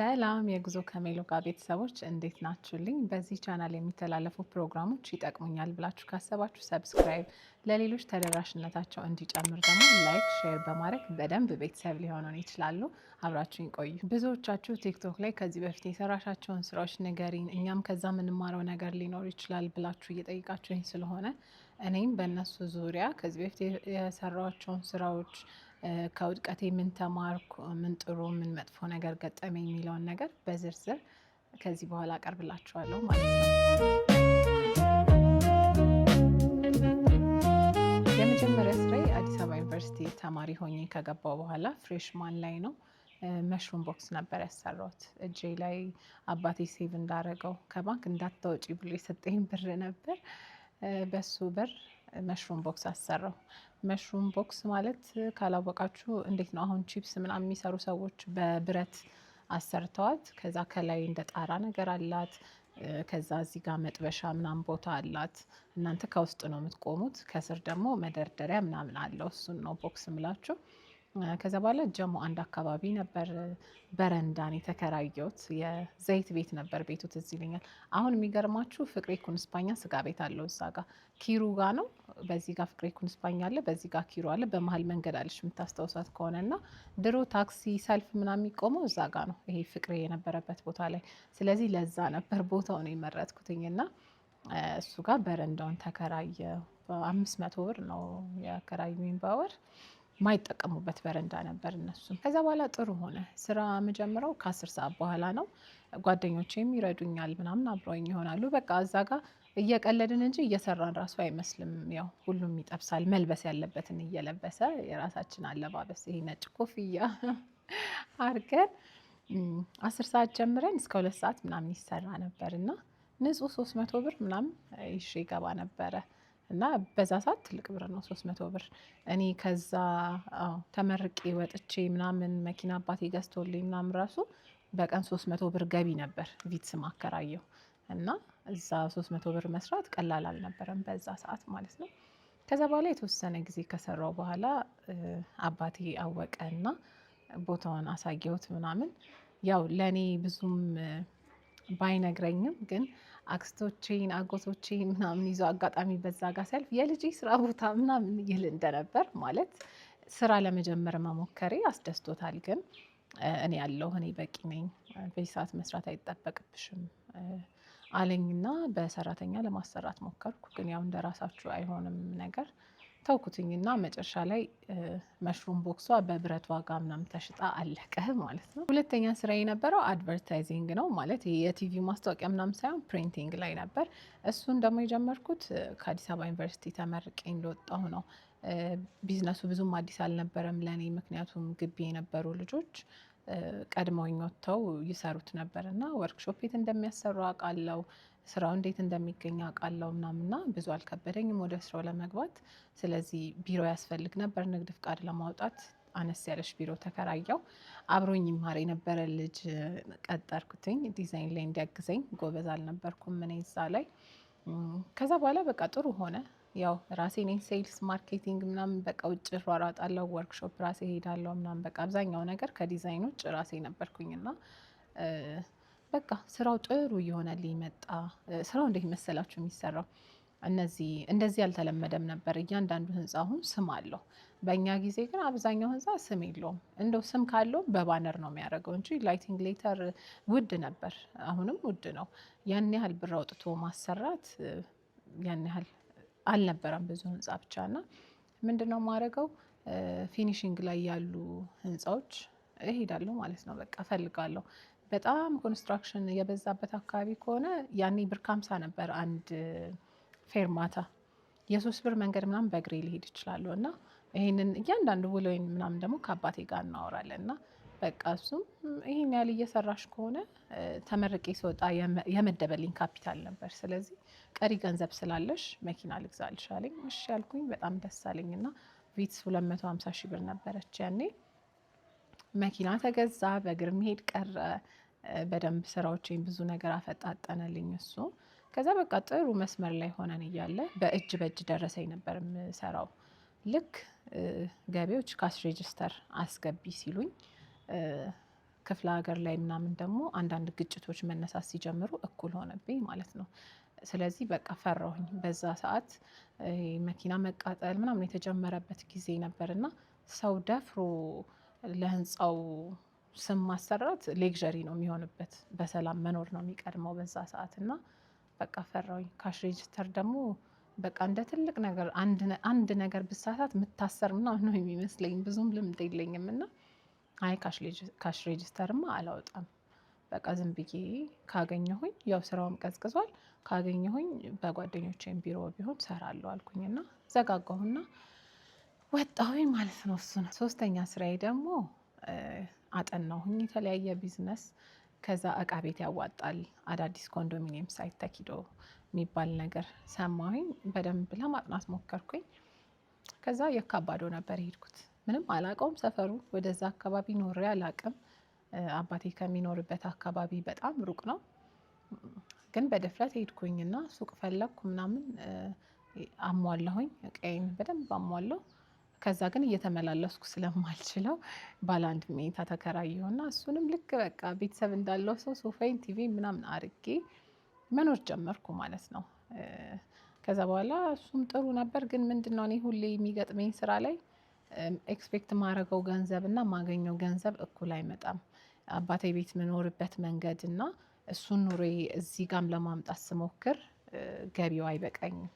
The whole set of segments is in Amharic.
ሰላም የጉዞ ከሜሎ ጋር ቤተሰቦች እንዴት ናችሁልኝ? በዚህ ቻናል የሚተላለፉ ፕሮግራሞች ይጠቅሙኛል ብላችሁ ካሰባችሁ ሰብስክራይብ፣ ለሌሎች ተደራሽነታቸው እንዲጨምር ደግሞ ላይክ፣ ሼር በማድረግ በደንብ ቤተሰብ ሊሆኑን ይችላሉ። አብራችሁ ይቆዩ። ብዙዎቻችሁ ቲክቶክ ላይ ከዚህ በፊት የሰራሻቸውን ስራዎች ንገሪን፣ እኛም ከዛ የምንማረው ነገር ሊኖር ይችላል ብላችሁ እየጠይቃችሁኝ ስለሆነ እኔም በእነሱ ዙሪያ ከዚህ በፊት የሰራቸውን ስራዎች ከውድቀቴ ምን ተማርኩ፣ ምን ጥሩ፣ ምን መጥፎ ነገር ገጠመ የሚለውን ነገር በዝርዝር ከዚህ በኋላ አቀርብላችኋለሁ ማለት ነው። የመጀመሪያ ስራዬ አዲስ አበባ ዩኒቨርሲቲ ተማሪ ሆኜ ከገባው በኋላ ፍሬሽማን ላይ ነው መሽሩም ቦክስ ነበር ያሰራሁት። እጄ ላይ አባቴ ሴቭ እንዳረገው ከባንክ እንዳታወጪ ብሎ የሰጠኝ ብር ነበር። በሱ ብር መሽሩም ቦክስ አሰራው። መሽሩም ቦክስ ማለት ካላወቃችሁ እንዴት ነው አሁን ቺፕስ ምናምን የሚሰሩ ሰዎች በብረት አሰርተዋት ከዛ ከላይ እንደ ጣራ ነገር አላት። ከዛ እዚህ ጋር መጥበሻ ምናምን ቦታ አላት። እናንተ ከውስጥ ነው የምትቆሙት፣ ከስር ደግሞ መደርደሪያ ምናምን አለው። እሱን ነው ቦክስ ምላችሁ። ከዛ በኋላ ጀሞ አንድ አካባቢ ነበር በረንዳን የተከራየሁት። የዘይት ቤት ነበር ቤቱ ትዝ ይለኛል። አሁን የሚገርማችሁ ፍቅሬ ኩንስፓኛ ስጋ ቤት አለው እዛ ጋ ኪሩ ጋ ነው። በዚህ ጋ ፍቅሬ ኩንስፓኛ አለ፣ በዚህ ጋ ኪሩ አለ። በመሀል መንገድ አለች የምታስታውሳት ከሆነ እና ድሮ ታክሲ ሰልፍ ምናምን የሚቆመው እዛ ጋ ነው፣ ይሄ ፍቅሬ የነበረበት ቦታ ላይ። ስለዚህ ለዛ ነበር ቦታው ነው የመረጥኩትኝ እና እሱ ጋር በረንዳውን ተከራየ። አምስት መቶ ብር ነው የከራዩኝ በወር ማይጠቀሙበት በረንዳ ነበር እነሱ። ከዛ በኋላ ጥሩ ሆነ። ስራ መጀመረው ከአስር ሰዓት በኋላ ነው። ጓደኞቼም ይረዱኛል ምናምን አብረኝ ይሆናሉ። በቃ እዛ ጋር እየቀለድን እንጂ እየሰራን ራሱ አይመስልም። ያው ሁሉም ይጠብሳል። መልበስ ያለበትን እየለበሰ የራሳችን አለባበስ ይሄ ነጭ ኮፍያ አድርገን አስር ሰዓት ጀምረን እስከ ሁለት ሰዓት ምናምን ይሰራ ነበር እና ንጹህ ሶስት መቶ ብር ምናምን ይሽ ይገባ ነበረ። እና በዛ ሰዓት ትልቅ ብር ነው ሶስት መቶ ብር። እኔ ከዛ ተመርቄ ወጥቼ ምናምን መኪና አባቴ ገዝቶልኝ ምናምን ራሱ በቀን ሶስት መቶ ብር ገቢ ነበር ቪትስ ማከራየው እና እዛ ሶስት መቶ ብር መስራት ቀላል አልነበረም በዛ ሰዓት ማለት ነው። ከዛ በኋላ የተወሰነ ጊዜ ከሰራው በኋላ አባቴ አወቀ እና ቦታውን አሳየሁት ምናምን ያው ለኔ ብዙም ባይነግረኝም ግን አክስቶቼን፣ አጎቶቼን ምናምን ይዞ አጋጣሚ በዛ ጋር ሰልፍ የልጅ ስራ ቦታ ምናምን ይል እንደነበር ማለት ስራ ለመጀመር መሞከሬ አስደስቶታል። ግን እኔ ያለው እኔ በቂ ነኝ፣ በዚህ ሰዓት መስራት አይጠበቅብሽም አለኝና በሰራተኛ ለማሰራት ሞከርኩ። ግን ያው እንደራሳችሁ አይሆንም ነገር ተውኩትኝና መጨረሻ ላይ መሽሩም ቦክሷ በብረት ዋጋ ምናምን ተሽጣ አለቀ ማለት ነው። ሁለተኛ ስራ የነበረው አድቨርታይዚንግ ነው ማለት የቲቪ ማስታወቂያ ምናምን ሳይሆን ፕሪንቲንግ ላይ ነበር። እሱን ደግሞ የጀመርኩት ከአዲስ አበባ ዩኒቨርሲቲ ተመርቄ እንደወጣሁ ነው። ቢዝነሱ ብዙም አዲስ አልነበረም ለእኔ፣ ምክንያቱም ግቢ የነበሩ ልጆች ቀድመው ወጥተው ይሰሩት ነበር እና ወርክሾፕ የት እንደሚያሰሩ አውቃለሁ። ስራው እንዴት እንደሚገኝ አውቃለሁ ምናምና ብዙ አልከበደኝም ወደ ስራው ለመግባት። ስለዚህ ቢሮ ያስፈልግ ነበር ንግድ ፍቃድ ለማውጣት አነስ ያለች ቢሮ ተከራየው። አብሮኝ ይማር የነበረ ልጅ ቀጠርኩትኝ ዲዛይን ላይ እንዲያግዘኝ። ጎበዝ አልነበርኩም ምን ይዛ ላይ። ከዛ በኋላ በቃ ጥሩ ሆነ። ያው ራሴ ነኝ ሴልስ ማርኬቲንግ ምናምን በቃ ውጭ ሯሯጣለሁ፣ ወርክሾፕ ራሴ ሄዳለሁ ምናምን በቃ አብዛኛው ነገር ከዲዛይን ውጭ ራሴ ነበርኩኝና በቃ ስራው ጥሩ እየሆነልኝ መጣ። ስራው እንዴት መሰላችሁ የሚሰራው እነዚህ እንደዚህ አልተለመደም ነበር። እያንዳንዱ ህንፃ አሁን ስም አለው። በእኛ ጊዜ ግን አብዛኛው ህንፃ ስም የለውም። እንደው ስም ካለውም በባነር ነው የሚያደርገው እንጂ ላይቲንግ ሌተር ውድ ነበር፣ አሁንም ውድ ነው። ያን ያህል ብር አውጥቶ ማሰራት ያን ያህል አልነበረም። ብዙ ህንፃ ብቻ ና ምንድን ነው ማድረገው ፊኒሽንግ ላይ ያሉ ህንፃዎች እሄዳለሁ ማለት ነው። በቃ እፈልጋለሁ በጣም ኮንስትራክሽን የበዛበት አካባቢ ከሆነ ያኔ ብር ከሀምሳ ነበር አንድ ፌርማታ የሶስት ብር መንገድ ምናምን በእግሬ ሊሄድ ይችላሉ። እና ይህንን እያንዳንዱ ውሎዬን ምናምን ደግሞ ከአባቴ ጋር እናወራለን እና በቃ እሱም ይህን ያህል እየሰራሽ ከሆነ ተመርቄ ስወጣ የመደበልኝ ካፒታል ነበር። ስለዚህ ቀሪ ገንዘብ ስላለሽ መኪና ልግዛልሽ አለኝ። እሺ ያልኩኝ በጣም ደስ አለኝ እና ቪትስ 250 ሺህ ብር ነበረች ያኔ። መኪና ተገዛ፣ በእግር መሄድ ቀረ። በደንብ ስራዎችን ብዙ ነገር አፈጣጠነልኝ እሱ። ከዛ በቃ ጥሩ መስመር ላይ ሆነን እያለ በእጅ በእጅ ደረሰኝ ነበር የምሰራው። ልክ ገቢዎች ካስ ሬጅስተር አስገቢ ሲሉኝ ክፍለ ሀገር ላይ ምናምን ደግሞ አንዳንድ ግጭቶች መነሳት ሲጀምሩ እኩል ሆነብኝ ማለት ነው። ስለዚህ በቃ ፈራሁኝ። በዛ ሰዓት መኪና መቃጠል ምናምን የተጀመረበት ጊዜ ነበር እና ሰው ደፍሮ ለህንፃው ስም ማሰራት ሌግዠሪ ነው የሚሆንበት። በሰላም መኖር ነው የሚቀድመው በዛ ሰዓት እና በቃ ፈራውኝ። ካሽ ሬጅስተር ደግሞ በቃ እንደ ትልቅ ነገር አንድ ነገር ብሳሳት የምታሰር ምናምን ነው የሚመስለኝ። ብዙም ልምድ የለኝም እና አይ ካሽ ሬጅስተርማ አላወጣም። በቃ ዝም ብዬ ካገኘሁኝ ያው ስራውም ቀዝቅዟል፣ ካገኘሁኝ በጓደኞቼም ቢሮ ቢሆን ሰራለሁ አልኩኝ እና ዘጋጋሁና ወጣሁኝ ማለት ነው። እሱ ነው ሶስተኛ ስራዬ ደግሞ አጠናሁኝ። የተለያየ ቢዝነስ ከዛ እቃ ቤት ያዋጣል አዳዲስ ኮንዶሚኒየም ሳይት ተኪዶ የሚባል ነገር ሰማሁኝ። በደንብ ለማጥናት ሞከርኩኝ። ከዛ የካባዶ ነበር የሄድኩት። ምንም አላቀውም ሰፈሩ። ወደዛ አካባቢ ኖሬ አላቅም። አባቴ ከሚኖርበት አካባቢ በጣም ሩቅ ነው። ግን በድፍረት ሄድኩኝና ሱቅ ፈለግኩ ምናምን አሟላሁኝ። ቀይን በደንብ አሟላሁ። ከዛ ግን እየተመላለስኩ ስለማልችለው ባለ አንድ መኝታ ተከራየሁና እሱንም ልክ በቃ ቤተሰብ እንዳለው ሰው ሶፋይን ቲቪ ምናምን አርጌ መኖር ጀመርኩ ማለት ነው። ከዛ በኋላ እሱም ጥሩ ነበር። ግን ምንድነው እኔ ሁሌ የሚገጥመኝ ስራ ላይ ኤክስፔክት ማድረገው ገንዘብ እና ማገኘው ገንዘብ እኩል አይመጣም። አባቴ ቤት የምኖርበት መንገድ እና እሱን ኑሮ እዚህ ጋም ለማምጣት ስሞክር ገቢው አይበቃኝም።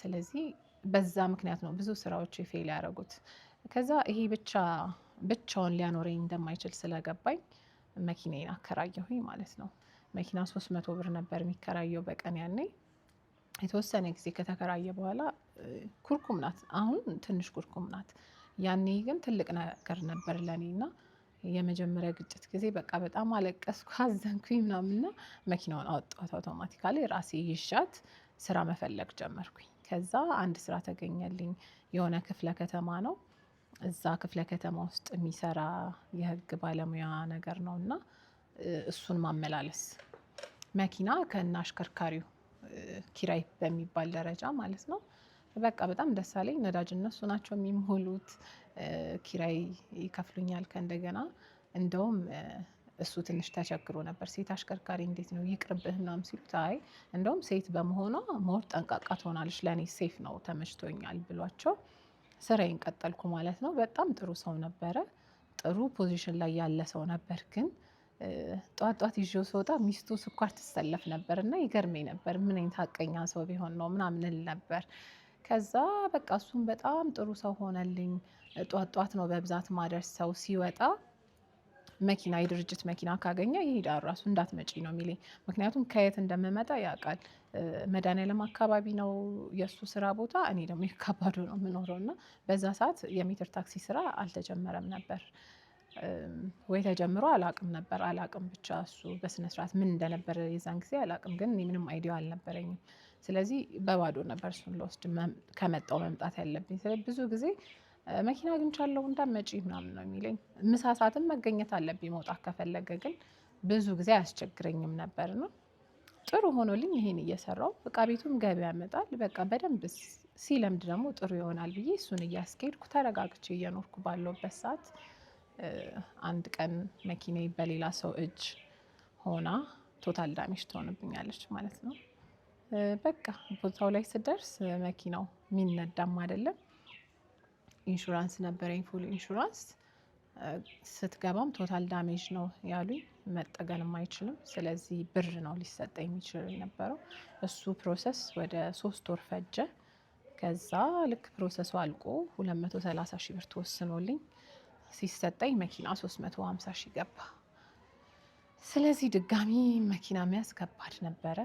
ስለዚህ በዛ ምክንያት ነው ብዙ ስራዎች ፌል ያደረጉት። ከዛ ይሄ ብቻ ብቻውን ሊያኖረኝ እንደማይችል ስለገባኝ መኪናዬን አከራየሁኝ ማለት ነው። መኪና ሶስት መቶ ብር ነበር የሚከራየው በቀን ያኔ። የተወሰነ ጊዜ ከተከራየ በኋላ ኩርኩም ናት፣ አሁን ትንሽ ኩርኩም ናት። ያኔ ግን ትልቅ ነገር ነበር ለእኔ እና የመጀመሪያ ግጭት ጊዜ በቃ በጣም አለቀስኩ፣ አዘንኩኝ ምናምንና መኪናውን አወጣት አውቶማቲካሊ ራሴ ይሻት። ስራ መፈለግ ጀመርኩኝ። ከዛ አንድ ስራ ተገኘልኝ። የሆነ ክፍለ ከተማ ነው። እዛ ክፍለ ከተማ ውስጥ የሚሰራ የህግ ባለሙያ ነገር ነው እና እሱን ማመላለስ መኪና ከና አሽከርካሪው ኪራይ በሚባል ደረጃ ማለት ነው። በቃ በጣም ደስ አለኝ። ነዳጅ እነሱ ናቸው የሚሞሉት፣ ኪራይ ይከፍሉኛል ከእንደገና እንደውም እሱ ትንሽ ተቸግሮ ነበር። ሴት አሽከርካሪ እንዴት ነው ይቅርብህ ምናምን ሲሉት፣ አይ እንደውም ሴት በመሆኗ ሞር ጠንቃቃ ትሆናለች፣ ለእኔ ሴፍ ነው ተመችቶኛል ብሏቸው ስራዬን ቀጠልኩ ማለት ነው። በጣም ጥሩ ሰው ነበረ። ጥሩ ፖዚሽን ላይ ያለ ሰው ነበር። ግን ጧት ጧት ይዤው ስወጣ ሚስቱ ስኳር ትሰለፍ ነበር እና ይገርመኝ ነበር። ምን አይነት ሀቀኛ ሰው ቢሆን ነው ምናምን ነበር። ከዛ በቃ እሱም በጣም ጥሩ ሰው ሆነልኝ። ጧት ጧት ነው በብዛት ማደርስ ሰው ሲወጣ መኪና የድርጅት መኪና ካገኘ ይሄዳል ራሱ እንዳትመጪ ነው የሚለኝ። ምክንያቱም ከየት እንደምመጣ ያውቃል። መድኃኒዓለም አካባቢ ነው የእሱ ስራ ቦታ፣ እኔ ደግሞ የካባዶ ነው የምኖረው እና በዛ ሰዓት የሜትር ታክሲ ስራ አልተጀመረም ነበር ወይ ተጀምሮ አላቅም ነበር አላቅም። ብቻ እሱ በስነስርዓት ምን እንደነበረ የዛን ጊዜ አላቅም፣ ግን ምንም አይዲያ አልነበረኝም። ስለዚህ በባዶ ነበር እሱን ለወስድ ከመጣው መምጣት ያለብኝ ብዙ ጊዜ መኪና አግኝቻለሁ እንዳመጪ ምናምን ነው የሚለኝ። ምሳ ሰዓትም መገኘት አለብኝ መውጣት ከፈለገ ግን ብዙ ጊዜ አያስቸግረኝም ነበር ነው ጥሩ ሆኖልኝ ይሄን እየሰራው በቃ ቤቱም ገቢ ያመጣል። በቃ በደንብ ሲለምድ ደግሞ ጥሩ ይሆናል ብዬ እሱን እያስኬድኩ ተረጋግቼ እየኖርኩ ባለውበት ሰዓት አንድ ቀን መኪኔ በሌላ ሰው እጅ ሆና ቶታል ዳሜጅ ትሆንብኛለች ማለት ነው። በቃ ቦታው ላይ ስደርስ መኪናው የሚነዳም አይደለም ኢንሹራንስ ነበረኝ ፉል ኢንሹራንስ። ስትገባም ቶታል ዳሜጅ ነው ያሉኝ፣ መጠገንም አይችልም። ስለዚህ ብር ነው ሊሰጠ የሚችል ነበረው። እሱ ፕሮሰስ ወደ ሶስት ወር ፈጀ። ከዛ ልክ ፕሮሰሱ አልቆ 230 ሺህ ብር ተወስኖልኝ ሲሰጠኝ መኪና 350 ሺህ ገባ። ስለዚህ ድጋሚ መኪና መያዝ ከባድ ነበረ።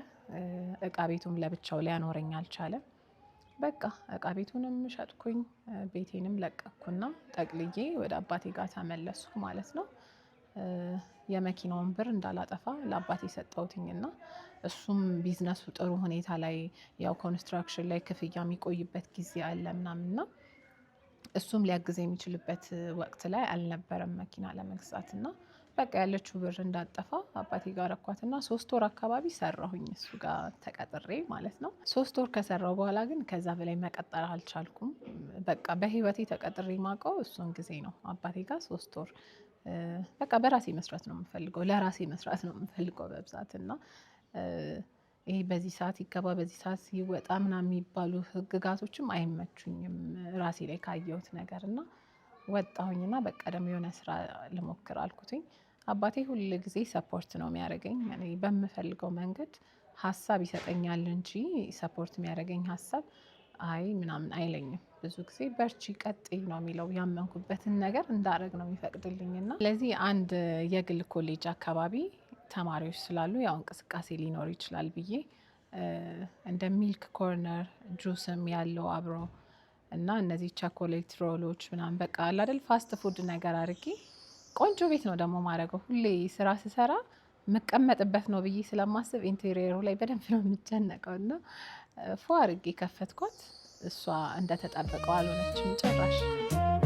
እቃ ቤቱም ለብቻው ሊያኖረኝ አልቻለም። በቃ እቃ ቤቱንም ሸጥኩኝ ቤቴንም ለቀኩና ጠቅልዬ ወደ አባቴ ጋር ተመለስኩ ማለት ነው። የመኪናውን ብር እንዳላጠፋ ለአባቴ ሰጠውትኝና እሱም ቢዝነሱ ጥሩ ሁኔታ ላይ ያው ኮንስትራክሽን ላይ ክፍያ የሚቆይበት ጊዜ አለ ምናምንና እሱም ሊያግዝ የሚችልበት ወቅት ላይ አልነበረም መኪና ለመግዛት ና። በቃ ያለችው ብር እንዳጠፋ አባቴ ጋር አኳትና ሶስት ወር አካባቢ ሰራሁኝ እሱ ጋር ተቀጥሬ ማለት ነው። ሶስት ወር ከሰራው በኋላ ግን ከዛ በላይ መቀጠር አልቻልኩም። በቃ በህይወቴ ተቀጥሬ ማውቀው እሱን ጊዜ ነው። አባቴ ጋር ሶስት ወር በቃ በራሴ መስራት ነው የምፈልገው፣ ለራሴ መስራት ነው የምፈልገው በብዛት እና ይሄ በዚህ ሰዓት ይገባ በዚህ ሰዓት ይወጣ ምናምን የሚባሉ ህግጋቶችም አይመቹኝም ራሴ ላይ ካየሁት ነገር እና ወጣሁኝና በቃ የሆነ ስራ ልሞክር አልኩትኝ። አባቴ ሁል ጊዜ ሰፖርት ነው የሚያደርገኝ። በምፈልገው መንገድ ሀሳብ ይሰጠኛል እንጂ ሰፖርት የሚያደርገኝ ሀሳብ አይ ምናምን አይለኝም። ብዙ ጊዜ በርቺ፣ ቀጥይ ነው የሚለው። ያመንኩበትን ነገር እንዳረግ ነው የሚፈቅድልኝና ስለዚህ አንድ የግል ኮሌጅ አካባቢ ተማሪዎች ስላሉ ያው እንቅስቃሴ ሊኖር ይችላል ብዬ እንደ ሚልክ ኮርነር ጁስም ያለው አብሮ እና እነዚህ ቸኮሌት ሮሎች ምናምን በቃ አላደል ፋስት ፉድ ነገር አድርጌ ቆንጆ ቤት ነው ደግሞ ማድረገው። ሁሌ ስራ ስሰራ የምቀመጥበት ነው ብዬ ስለማስብ ኢንቴሪየሩ ላይ በደንብ ነው የምጨነቀው እና ፎ አድርጌ ከፈትኳት። እሷ እንደተጠበቀው አልሆነችም ጭራሽ።